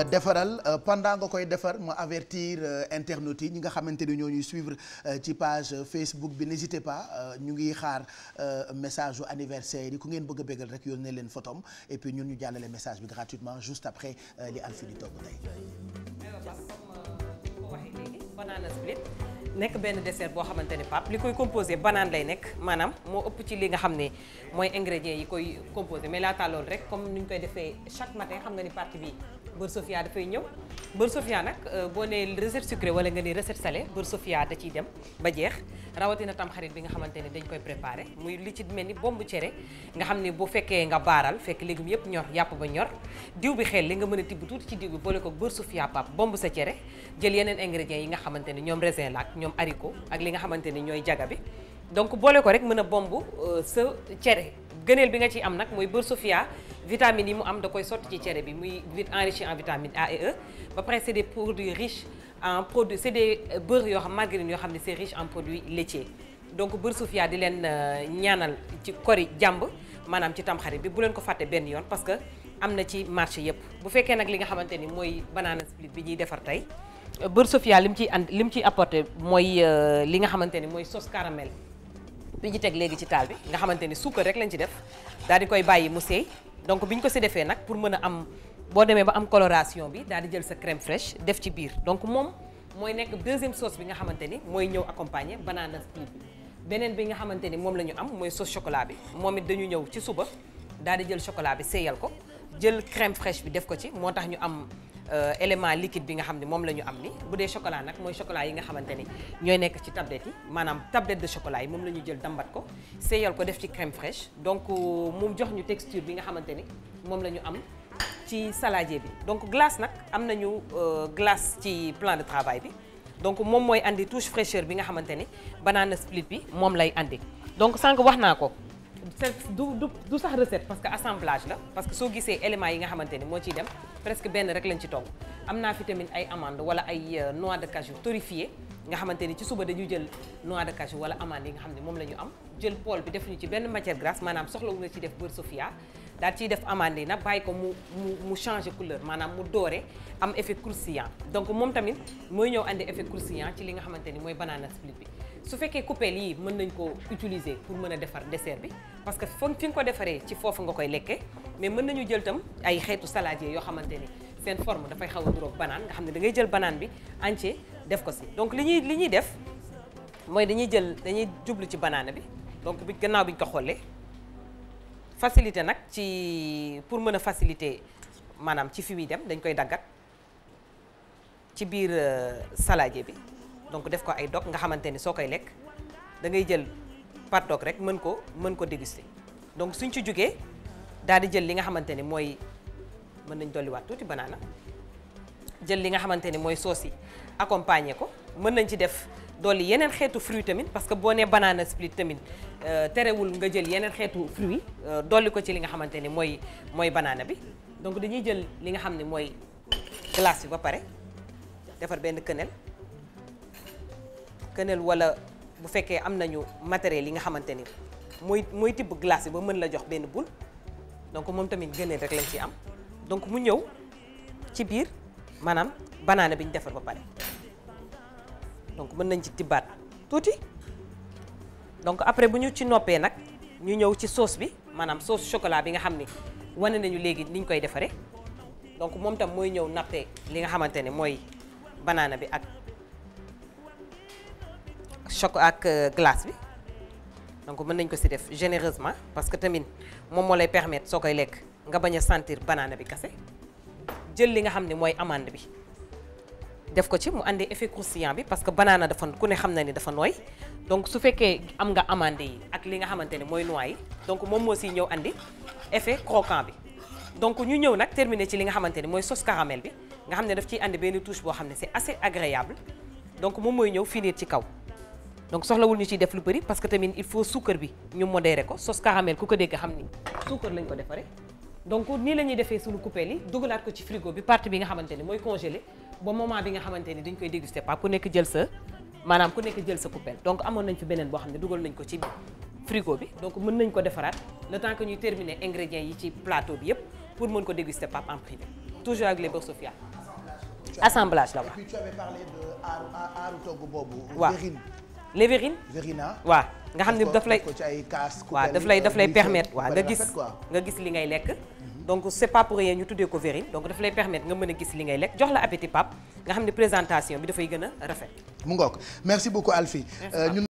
Euh, defaral euh, pendant nga koy defar ma avertir euh, internautes yi ñi nga xamante ni ñoo ñuy suivre ci page Facebook bi n'hésitez pas ñu ngi xaar message su anniversaire yi ku ngeen bëgg a bégal rek yónnee leen photom et puis ñun ñu jàllale message bi gratuitement juste après li Alfie di togg tey. nekk benn dessert boo xamante ne pap li koy composé banane lay nekk maanaam moo ëpp ci li nga xam ne mooy ingrédients yi koy composé mais laata loolu rek comme ni ñu koy defee chaque matin xam nga ni partie bër Sofia dafay ñëw beurre Sofia nag euh, boo nee recette sucrée wala nga ni recette salée beurre Sofia da ciy dem ba jeex rawatina tam xarit bi nga xamante ne dañ koy préparé muy li ci mel ni bombu cere nga xam ne bu fekkee nga baaral fekk légumes yëpp ñor yàpp ba ñor diw bi xel li nga mën a tibb tuuti ci diw bi boole bër beurre Sofia pap bomb sa cere jël yeneen ingrédients yi nga xamante ni ñoom raisin la ak ñoom haricot ak li nga xamante ni ñooy jaga bi donc boole ko rek mën a bomb euh, sa cere gëneel bi nga ciy am nag mooy beurre Sofia vitamines yi mu am da koy sotti ci cere bi muy enrichi en vitamine A et E ba pare c'est des produits riches en produits c'est des beurre yoo xam margarine yoo xam ne c'est riche en produits laitiers donc beurre Sofia di leen euh, ñaanal ci kori jàmb maanaam ci tamxarit bi bu leen ko fàtte benn yoon parce que am na ci marché yépp bu fekkee nag li nga xamante ni mooy banaana split bi ñuy defar tey beurre Sofia li mu ciy and li mu ciy apporté mooy euh, li nga xamante ni mooy sauce caramel bi ñu teg léegi ci taal bi nga xamante ni suukar rek lañ ci def daal koy bàyyi mu seey donc bi ñu ko si defee nag pour mën a am boo demee ba am coloration bi daal di jël sa crème fraîche def ci biir donc moom mooy nekk deuxième sauce bi nga xamante ni mooy ñëw accompagner banana split bi beneen bi nga xamante ni moom la ñu am mooy sauce chocolat bi moom it dañu ñëw ci suba daal di jël chocolat bi seyal ko jël crème fraîche bi def ko ci moo tax ñu am Euh, élément liquide bi nga xam ne moom la ñu am ni bu dee chocolat nag mooy chocolat yi nga xamante ni ñooy nekk ci tablette yi maanaam tablette de chocolat yi moom la ñu jël dambat ko seeyal ko def ci crème fraîche donc mu jox ñu texture bi nga xamante ni moom la ñu am ci saladier bi donc glace nag am nañu euh, glace ci plan de travail bi donc moom mooy indi touche fraîcheur bi nga xamante ni banana split bi moom lay indi donc sànq wax naa ko du du du sax recette parce que assemblage la parce que soo gisee éléments yi nga xamante ni moo ciy dem presque benn rek lañ ci togg am naa fi tamit ay amande wala ay euh, noix de cajou torréfiée nga xamante ni ci suba dañu jël nois de cajou wala amande yi nga xam ne moom la ñu am jël pool bi ñu ci benn matière grasse maanaam soxlawu nga ci def beurre sofia daal ciy def amande yi nag bàyyi ko mu mu mu changer couleur maanaam mu doore am effet croustillant donc moom tamit mooy ñëw andi effet croustillant ci li nga xamante ni mooy banana split su fekkee coupelle yi mën nañ koo utiliser pour mën a defar dessert bi parce que foog fi nga ko defaree ci foofu nga koy lekkee mais mën nañu jël tam ay xeetu saladier yoo xamante ni seen forme dafay xaw a duroog banaan nga xam ne da jël banaan bi entier def ko si donc li ñuy li ñuy def mooy dañuy jël dañuy jublu ci banaana bi donc bi gannaaw bi ñu ko xoolee facilité nag ci pour mën a faciliter maanaam ci fi muy dem dañ koy daggat ci biir euh, saladier bi donc def ko ay dog nga xamante ni soo koy lekk da ngay jël par rek mën ko mën ko déguster donc suñ ci jógee daal di jël li nga xamante ni mooy mën nañ dolliwaat tuuti banaana jël li nga xamante ni mooy soos yi accompagner ko mën nañ ci def dolli yeneen xeetu fruit tamit parce que boo nee banaana split tamit euh, terewul nga jël yeneen xeetu fruit euh, dolli ko ci li nga xamante ni mooy mooy banaana bi donc dañuy jël li nga xam ni mooy glace bi ba pare defar benn quenelle gënal wala bu fekkee am nañu matériel yi nga xamante ni mooy mooy tibb glace yi ba mën la jox benn bul donc moom tamit gëneel rek lañ ci am donc mu ñëw ci biir maanaam banaana bi ñu ba donc mën nañ ci tibbaat tuuti donc après bu ñu ci noppee nag ñu ñëw ci sauce bi maanaam sauce chocolat bi nga xam ni wane nañu léegi niñ koy defaree donc moom tam mooy ñëw nappee li nga xamante ne mooy banaana bi ak choc ak euh, glace bi donc mën nañ ko si def généreusement parce que tamit moom moo lay permettre soo koy lekk nga bañ a sentir banaana bi kase jël li nga xam ne mooy amande bi def ko ci mu àndee effet croustillant bi que banaana dafa ku ne xam na ni dafa nooy donc su fekkee am nga amande yi ak li nga xamante ne mooy noix yi donc moom moo siy ñëw andi effet croquant bi donc ñu ñëw nag terminer ci li nga xamante ne mooy sauce caramel bi nga xam ne daf ciy andi benn touche boo xam ne si assez agréable donc moom mooy ñëw finir ci kaw donc soxlawul ñu ciy def lu bëri parce que tamit il faut suukar bi ñu modéré ko sos caramel ku ko dégg xam ni suukar lañ ko defaree donc nii la ñuy defee suñu coupelle yi dugalaat ko ci frigo bi partie bi nga xamante ni mooy congelé ba moment bi nga xamante ni dañ koy dégusté pas ku nekk jël sa maanaam ku nekk jël sa coupelle donc amoon nañ fi beneen boo xam ne dugal nañ ko ci frigo bi donc mën nañ ko defaraat le temps que ñuy terminer ingrédients yi ci plateau bi pour mën ko déguster Pape en privé toujours avec les beurre Sofia assemblage la waaw. et puis tu avais boobu. waaw lévérine vérina waaw nga xam ne daf lay ci ay kaas waaw daf lay daf lay permettre waa nga gis nga gis li ngay lekk mhm. donc c' est pas pour ñu tuddee ko verrine donc daf lay permettre nga mën a gis li ngay lekk jox la appétit pap nga xam ne présentation bi dafay gën a rafet mu ngook merci beaucoup Alfie euh,